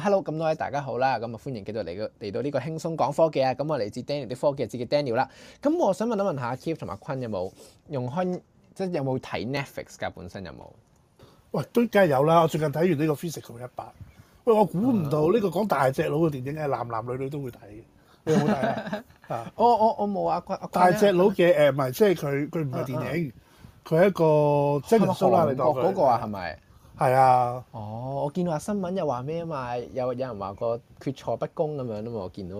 Hello，咁多位大家好啦，咁啊歡迎繼續嚟到嚟到呢個輕鬆講科技啊，咁我嚟自 Daniel 啲科技節嘅 Daniel 啦，咁我想問一問下阿 Keep 同阿坤有冇用開，即係有冇睇 Netflix 㗎？本身有冇？喂，都梗係有啦，我最近睇完呢個 Physical 一百，喂，我估唔到呢個講大隻佬嘅電影係男男女女都會睇，你有冇睇啊？ 的我我我冇啊，大隻佬嘅誒，唔、呃、係，即係佢佢唔係電影。 佢一個即係韓國嗰個啊，係咪？係啊。哦，我見到話新聞又話咩啊嘛？有有人話個決賽不公咁、就是啊、樣啊嘛？我見到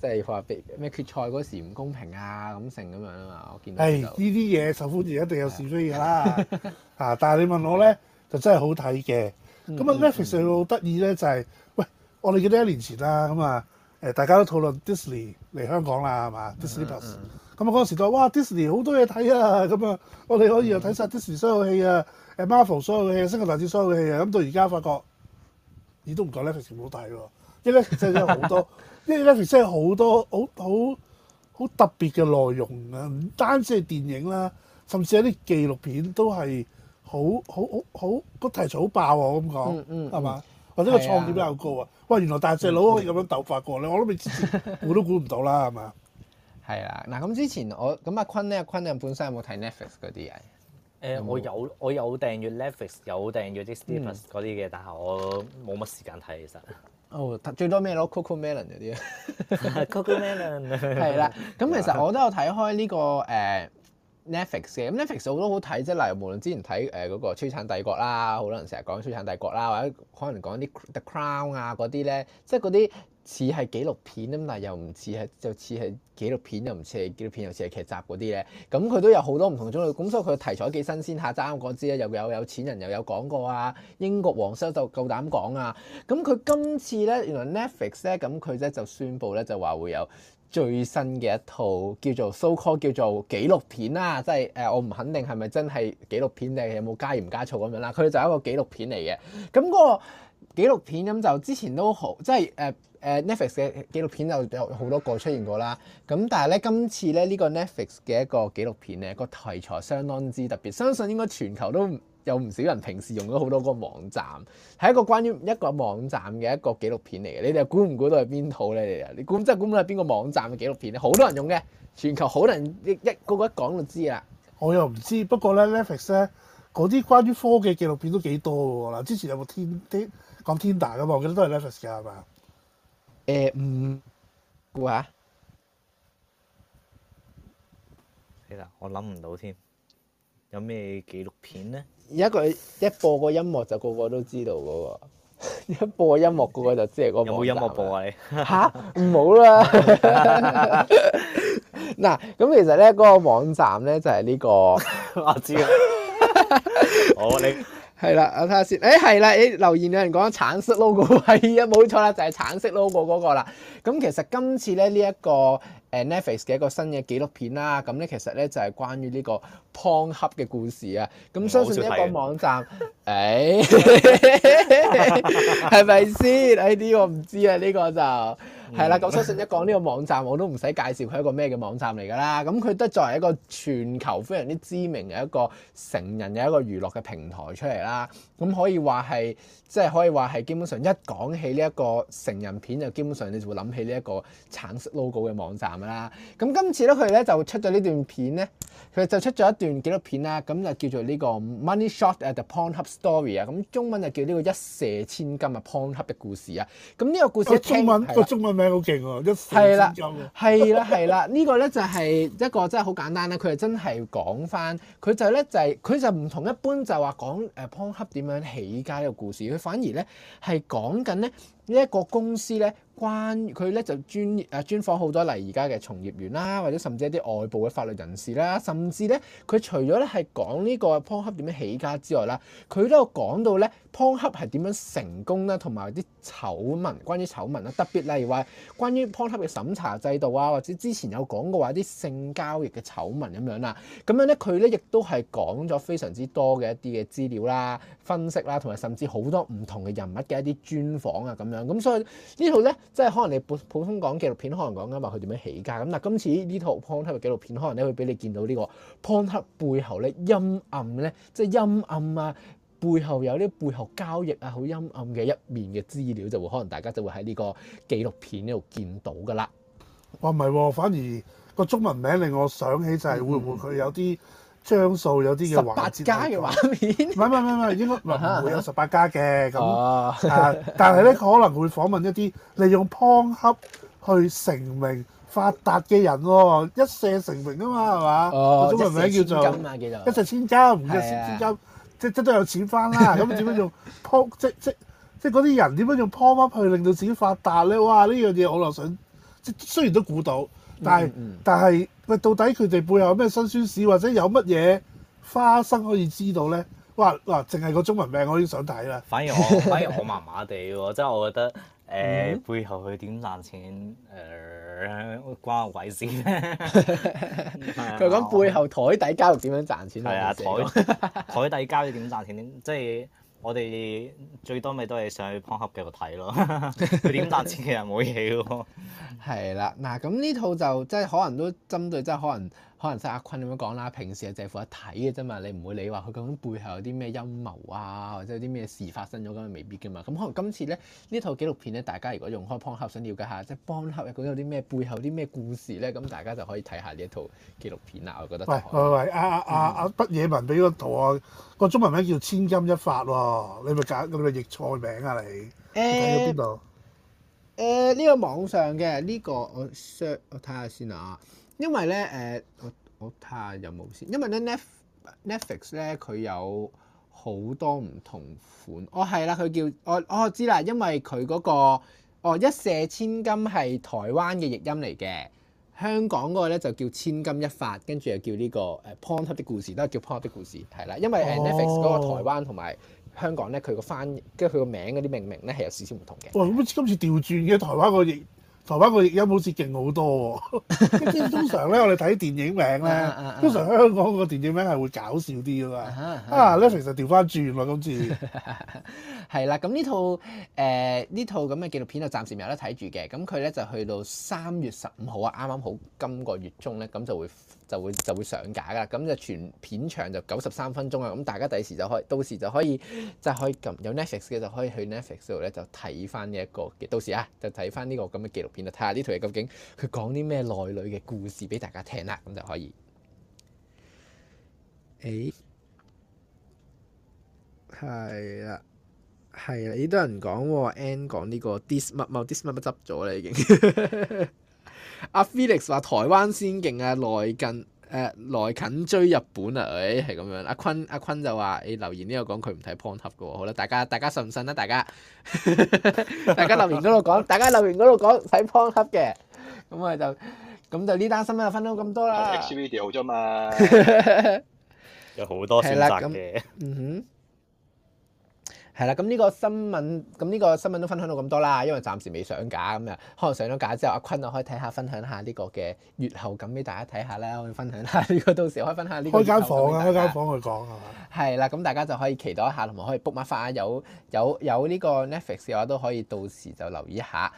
即係話咩決賽嗰時唔公平啊咁成咁樣啊嘛？我見到。係呢啲嘢受歡迎一定有是非㗎啦。哎、呀 啊！但係你問我咧，就真係好睇嘅。咁啊，Netflix 好得意咧，就係、是、喂，我哋記得一年前啦，咁、嗯、啊，誒、嗯嗯、大家都討論 Disney 嚟香港啦，係嘛？Disney Plus、嗯嗯咁、嗯嗯、啊，嗰個時代哇，Disney 好多嘢睇啊！咁啊，我哋可以又睇晒 Disney 所有戲啊，誒、嗯、Marvel 所有戲，星球大戰所有戲啊！咁、啊、到而家發覺，你都唔夠 Netflix 好睇喎！Netflix 真係好多，Netflix 真係好多好好好特別嘅內容啊！唔單止係電影啦、啊，甚至一啲紀錄片都係好好好好個題材好爆啊！我咁講係嘛？嗯嗯、吧或者個創意比較高啊！喂，原來大隻佬可以咁樣鬥法過你，我都未我都估唔到啦，係嘛？係啦，嗱咁之前我咁阿坤咧，阿坤咧本身有冇睇 Netflix 嗰啲嘢？誒、呃，我有我有訂閱 Netflix，有訂閱啲 Star Plus 嗰啲嘅，但係我冇乜時間睇其實。哦，最多咩咯？Coco Melon 嗰啲。 Coco om Melon 係啦，咁其實我都有睇開呢、這個誒。 呃 Netflix 嘅咁 Netflix 我都好多好睇，即係例如無論之前睇誒嗰個《超級帝國》啦，好多人成日講《超級帝國》啦，或者可能講啲《The Crown》啊嗰啲咧，即係嗰啲似係紀錄片咁，但係又唔似係，就似係紀錄片又唔似係紀錄片又似係劇集嗰啲咧。咁佢都有好多唔同種類，咁所以佢嘅題材幾新鮮吓。啱講之咧，又有有錢人又有講過啊，英國皇室就夠膽講啊。咁佢今次咧，原來 Netflix 咧，咁佢咧就宣布咧，就話會有。最新嘅一套叫做 so-called 叫做紀錄片啦，即係誒、呃、我唔肯定係咪真係紀錄片定係，有冇加鹽加醋咁樣啦？佢就一個紀錄片嚟嘅，咁、那、嗰個紀錄片咁就之前都好，即係誒誒 Netflix 嘅紀錄片就有好多個出現過啦。咁但係咧今次咧呢、這個 Netflix 嘅一個紀錄片咧個題材相當之特別，相信應該全球都有唔少人平時用咗好多個網站，係一個關於一個網站嘅一個紀錄片嚟嘅。你哋估唔估到係邊套咧？你哋，你估真係估唔到係邊個網站嘅紀錄片咧？好多人用嘅，全球好多人一一個個一講就知啦。我又唔知，不過咧，Netflix 咧，嗰啲關於科技紀錄片都幾多㗎喎。之前有冇 Tinder 講 Tinder 嘅嘛？我記得都係 Netflix 㗎嘛。誒唔估？啊、欸，嗯、下我諗唔到添。有咩紀錄片咧？而家佢一播個音樂就個個都知道嗰、那個，一播音樂嗰個就知係嗰個。有冇音樂播啊？你吓唔好啦。嗱，咁 其實咧，嗰、那個網站咧就係、是、呢、這個。 我知啦。 我你係啦，我睇下先。誒、哎，係啦，誒留言有人講橙色 logo，係啊，冇錯啦，就係、是、橙色 logo 嗰個啦。咁其實今次咧呢一、這個。誒 Netflix 嘅一個新嘅紀錄片啦，咁咧其實咧就係關於呢個 Pornhub 嘅故事啊，咁相信一個網站，誒係咪先？誒呢、哎 哎呢個唔知啊，呢、呢個就。係啦，咁相信一講呢個網站，我都唔使介紹佢一個咩嘅網站嚟㗎啦。咁佢都作為一個全球非常之知名嘅一個成人嘅一個娛樂嘅平台出嚟啦。咁、嗯、可以話係，即、就、係、是、可以話係基本上一講起呢一個成人片，就基本上你就會諗起呢一個橙色 logo 嘅網站啦。咁、嗯、今次咧，佢咧就出咗呢段片咧，佢就出咗一段紀錄片啦、啊。咁就叫做呢個 Money Shot at the Pornhub Story 啊。咁中文就叫呢個一射千金啊 Pornhub 嘅故事啊。咁呢個故事聽個中文。咩好勁喎！一副裝嘅，係啦，係啦，呢、這個咧就係一個真係好簡單咧。佢係真係講返，佢就咧就係、是、佢就唔同一般就話講誒 Pornhub 點樣起家呢個故事。佢反而咧係講緊咧呢一、這個公司咧。關佢咧就專業啊，專訪好多例如而家嘅從業員啦，或者甚至一啲外部嘅法律人士啦，甚至咧佢除咗咧係講呢個 Pornhub 點樣起家之外啦，佢都有講到咧 Pornhub 係點樣成功啦，同埋啲醜聞，關於醜聞啦，特別例如話關於 Pornhub 嘅審查制度啊，或者之前有講過話啲性交易嘅醜聞咁樣啦，咁樣咧佢咧亦都係講咗非常之多嘅一啲嘅資料啦、分析啦，同埋甚至好多唔同嘅人物嘅一啲專訪啊咁樣，咁所以呢度咧。即係可能你普普通講紀錄片，可能講緊話佢點樣起家咁。嗱，今次呢套 Pontiac 紀錄片，可能咧會俾你見到呢個 p o n t a 背後咧陰暗咧，即係陰暗啊，背後有啲背後交易啊，好陰暗嘅一面嘅資料，就會可能大家就會喺呢個紀錄片呢度見到㗎啦。哦，唔係喎，反而個中文名令我想起就係會唔會佢有啲？嗯張數有啲嘅十八加嘅畫面，唔係唔係唔係，應該唔會有十八加嘅，咁，但係咧，佢可能會訪問一啲利用 Pong 恰去成名發達嘅人喎。哦，一射成名啊嘛，係嘛？ 哦、中文名叫做一石、哦、千金嘛、啊， 一石千金，千金、啊、即即，即都有錢翻啦。咁點樣用 Pong 即即即嗰啲人點樣用 Pong up 去令到自己發達咧？哇！呢樣嘢我我想，即雖然都估到，但係、嗯、但係。但喂，到底佢哋背後有咩辛酸史，或者有乜嘢花生可以知道咧？哇！嗱，淨係個中文名我已經想睇啦。反而我，反而我麻麻地喎，即係我覺得誒，背後佢點賺錢誒，關我鬼事咧。佢講背後台底交易點樣賺錢？係、呃、啊，台台 底交易點賺錢？點樣點樣點樣賺錢即係。我哋最多咪都係上去 Pornhub 嗰度睇咯， 佢點賺錢其實冇嘢嘅喎。係啦，嗱，咁呢套就即係可能都針對即係可能。可能即係阿坤咁樣講啦，平時就借副一睇嘅啫嘛，你唔會理話佢究竟背後有啲咩陰謀啊，或者有啲咩事發生咗咁，未必噶嘛。咁可能今次咧呢套紀錄片咧，大家如果用開邦克，想了解下即係邦克究竟有啲咩背後啲咩故事咧，咁大家就可以睇下呢一套紀錄片啦。我覺得喂，喂喂阿阿阿畢野文俾個圖啊，個中文名叫《千金一發》喎，你咪搞咁嘅譯錯名啊你？睇咗邊度？誒呢、呃呃這個網上嘅呢、這個我我睇下先啊！因為咧，誒，我我睇下有冇先。因為咧，Netflix 咧佢有好多唔同款。哦，係啦，佢叫，我、哦、我知啦。因為佢嗰、那個哦一射千金係台灣嘅譯音嚟嘅，香港嗰個咧就叫千金一發，跟住又叫呢、這個誒、啊、Pornhub 的故事，都係叫 Pornhub 的故事，係啦。因為誒 Netflix 嗰個台灣同埋香港咧，佢個翻譯跟住佢個名嗰啲命名咧係有少少唔同嘅。喂、哦，咁今次調轉嘅台灣個譯。台灣個音好似勁好多喎、哦，咁 通常咧我哋睇電影名咧， 通常香港個電影名係會搞笑啲㗎嘛， 啊咧其實調翻轉喎，今次。 係啦，咁呢套誒呢、呃、套咁嘅紀錄片就暫時未有得睇住嘅，咁佢咧就去到三月十五號啊，啱啱好今個月中咧，咁就會就會就會上架啦，咁就全片長就九十三分鐘啊，咁大家第時就可以，到時就可以即係可以撳有 Netflix 嘅就可以去 Netflix 度咧就睇翻呢一個，到時啊就睇翻呢個咁嘅紀錄片啦，睇下呢套嘢究竟佢講啲咩內裏嘅故事俾大家聽啦，咁就可以，誒、哎，係啦。係啊，都有人講喎，N n 講呢個 dis 乜冇 dis 乜乜執咗啦已經。阿 Felix 話台灣先勁啊，來近誒，來近追日本啊，誒係咁樣。阿坤阿坤就話，誒留言呢度講佢唔睇 point 盒嘅，好啦，大家大家信唔信啊？大家大家留言嗰度講，大家留言嗰度講睇 point 盒嘅，咁咪就咁就呢單新聞分享咁多啦。Xvideo 啫嘛，有好多選擇嘅。嗯哼。係啦，咁呢個新聞，咁呢個新聞都分享到咁多啦，因為暫時未上架，咁啊，可能上咗架之後，阿坤就可以睇下，分享下呢個嘅月後感俾大家睇下啦，我哋分享下呢個，如果到時可以分享呢個月後感俾大家。開間房啊，開間房去講啊。係啦，咁大家就可以期待一下，同埋可以 book 埋翻，有有有呢個 Netflix 嘅話都可以到時就留意一下。